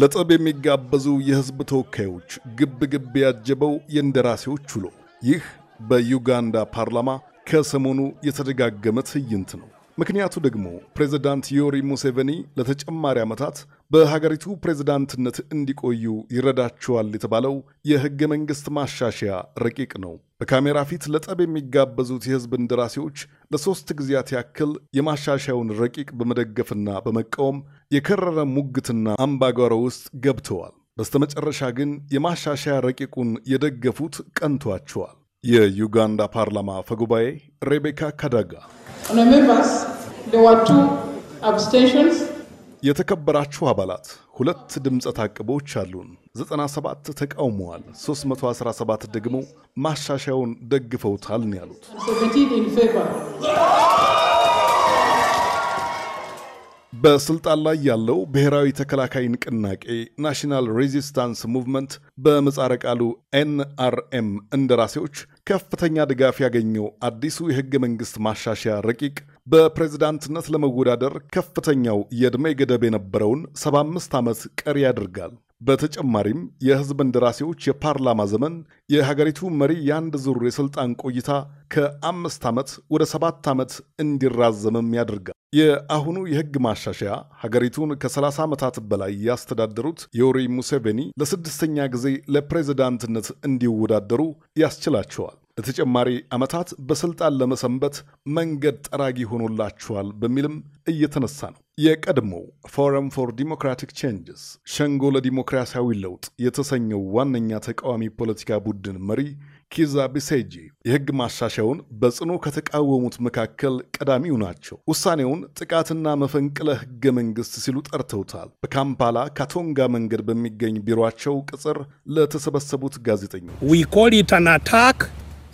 ለጠብ የሚጋበዙ የህዝብ ተወካዮች ግብ ግብ ያጀበው የእንደራሴዎች ውሎ ይህ በዩጋንዳ ፓርላማ ከሰሞኑ የተደጋገመ ትዕይንት ነው። ምክንያቱ ደግሞ ፕሬዚዳንት ዮሪ ሙሴቬኒ ለተጨማሪ ዓመታት በሀገሪቱ ፕሬዚዳንትነት እንዲቆዩ ይረዳቸዋል የተባለው የሕገ መንግሥት ማሻሻያ ረቂቅ ነው። በካሜራ ፊት ለጠብ የሚጋበዙት የሕዝብ እንደራሴዎች ለሦስት ጊዜያት ያክል የማሻሻያውን ረቂቅ በመደገፍና በመቃወም የከረረ ሙግትና አምባጓሮ ውስጥ ገብተዋል። በስተመጨረሻ ግን የማሻሻያ ረቂቁን የደገፉት ቀንቷቸዋል። የዩጋንዳ ፓርላማ አፈጉባኤ ሬቤካ ካዳጋ የተከበራችሁ አባላት ሁለት ድምፀ ታቅቦች አሉን። 97 ተቃውመዋል፣ 317 ደግሞ ማሻሻያውን ደግፈውታል ነው ያሉት። በስልጣን ላይ ያለው ብሔራዊ ተከላካይ ንቅናቄ ናሽናል ሬዚስታንስ ሙቭመንት በምህጻረ ቃሉ ኤንአርኤም እንደራሴዎች ከፍተኛ ድጋፍ ያገኘው አዲሱ የህገ መንግሥት ማሻሻያ ረቂቅ በፕሬዝዳንትነት ለመወዳደር ከፍተኛው የዕድሜ ገደብ የነበረውን 75 ዓመት ቀሪ ያደርጋል። በተጨማሪም የህዝብ እንደራሴዎች የፓርላማ ዘመን የሀገሪቱ መሪ የአንድ ዙር የስልጣን ቆይታ ከአምስት ዓመት ወደ ሰባት ዓመት እንዲራዘምም ያደርጋል። የአሁኑ የህግ ማሻሻያ ሀገሪቱን ከ30 ዓመታት በላይ ያስተዳደሩት ዮሪ ሙሴቬኒ ለስድስተኛ ጊዜ ለፕሬዝዳንትነት እንዲወዳደሩ ያስችላቸዋል። ለተጨማሪ ዓመታት በስልጣን ለመሰንበት መንገድ ጠራጊ ሆኖላችኋል በሚልም እየተነሳ ነው። የቀድሞው ፎረም ፎር ዲሞክራቲክ ቼንጅስ ሸንጎ ለዲሞክራሲያዊ ለውጥ የተሰኘው ዋነኛ ተቃዋሚ ፖለቲካ ቡድን መሪ ኪዛ ቢሴጂ የሕግ ማሻሻውን በጽኑ ከተቃወሙት መካከል ቀዳሚው ናቸው። ውሳኔውን ጥቃትና መፈንቅለ ሕገ መንግሥት ሲሉ ጠርተውታል። በካምፓላ ካቶንጋ መንገድ በሚገኝ ቢሮቸው ቅጽር ለተሰበሰቡት ጋዜጠኞች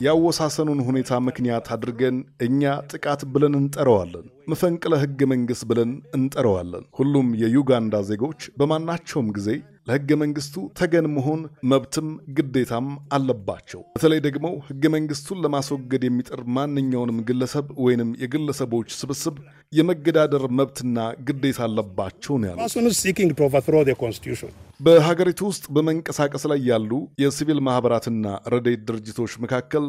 ያወሳሰኑን ሁኔታ ምክንያት አድርገን እኛ ጥቃት ብለን እንጠራዋለን፣ መፈንቅለ ሕገ መንግሥት ብለን እንጠረዋለን። ሁሉም የዩጋንዳ ዜጎች በማናቸውም ጊዜ ለህገ መንግስቱ ተገን መሆን መብትም ግዴታም አለባቸው። በተለይ ደግሞ ህገ መንግስቱን ለማስወገድ የሚጥር ማንኛውንም ግለሰብ ወይንም የግለሰቦች ስብስብ የመገዳደር መብትና ግዴታ አለባቸው ነው ያሉት። በሀገሪቱ ውስጥ በመንቀሳቀስ ላይ ያሉ የሲቪል ማኅበራትና ረዴት ድርጅቶች መካከል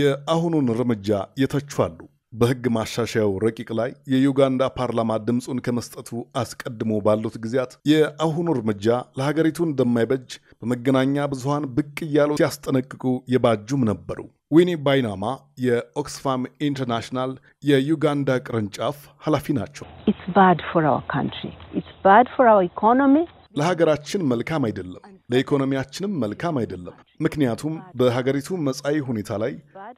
የአሁኑን እርምጃ የተቹ አሉ። በሕግ ማሻሻያው ረቂቅ ላይ የዩጋንዳ ፓርላማ ድምፁን ከመስጠቱ አስቀድሞ ባሉት ጊዜያት የአሁኑ እርምጃ ለሀገሪቱ እንደማይበጅ በመገናኛ ብዙሃን ብቅ እያሉ ሲያስጠነቅቁ የባጁም ነበሩ። ዊኒ ባይናማ የኦክስፋም ኢንተርናሽናል የዩጋንዳ ቅርንጫፍ ኃላፊ ናቸው። ለሀገራችን መልካም አይደለም ለኢኮኖሚያችንም መልካም አይደለም። ምክንያቱም በሀገሪቱ መጻኢ ሁኔታ ላይ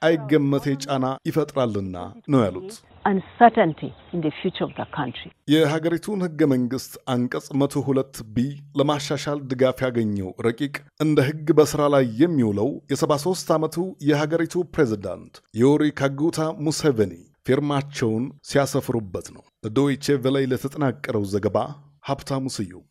አይገመቴ ጫና ይፈጥራልና ነው ያሉት። የሀገሪቱን ህገ መንግስት አንቀጽ መቶ ቢ ለማሻሻል ድጋፍ ያገኘው ረቂቅ እንደ ህግ በስራ ላይ የሚውለው የ73 ዓመቱ የሀገሪቱ ፕሬዚዳንት ዮሪ ካጉታ ሙሴቬኒ ፊርማቸውን ሲያሰፍሩበት ነው። ዶይቼ ቬላይ ለተጠናቀረው ዘገባ ሀብታሙ ስዩም